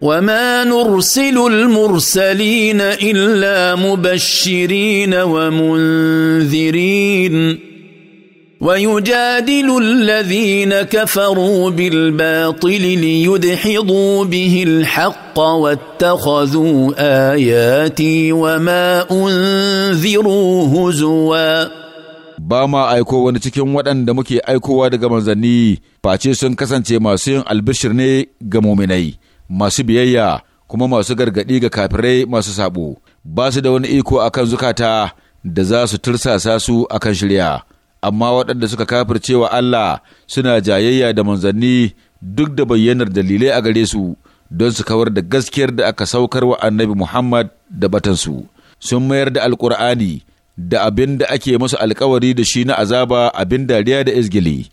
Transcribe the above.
وما نرسل المرسلين الا مبشرين ومنذرين ويجادل الذين كفروا بالباطل ليدحضوا به الحق واتخذوا اياتي وما انذروا هزوا ba ايكو aiko wani cikin waɗanda muke aikowa daga manzanni face sun kasance masu yin albishir ne ga muminai masu biyayya kuma masu gargaɗi ga kafirai masu sabo ba su da wani iko akan zukata da za su tursasa su akan shirya amma waɗanda suka kafirce wa Allah suna jayayya da manzanni duk da bayyanar dalilai a gare su don su kawar da gaskiyar da aka saukar wa annabi Muhammad da batansu sun mayar da alkur'ani da abin da ake masu alkawari da shi na azaba abin dariya da izgili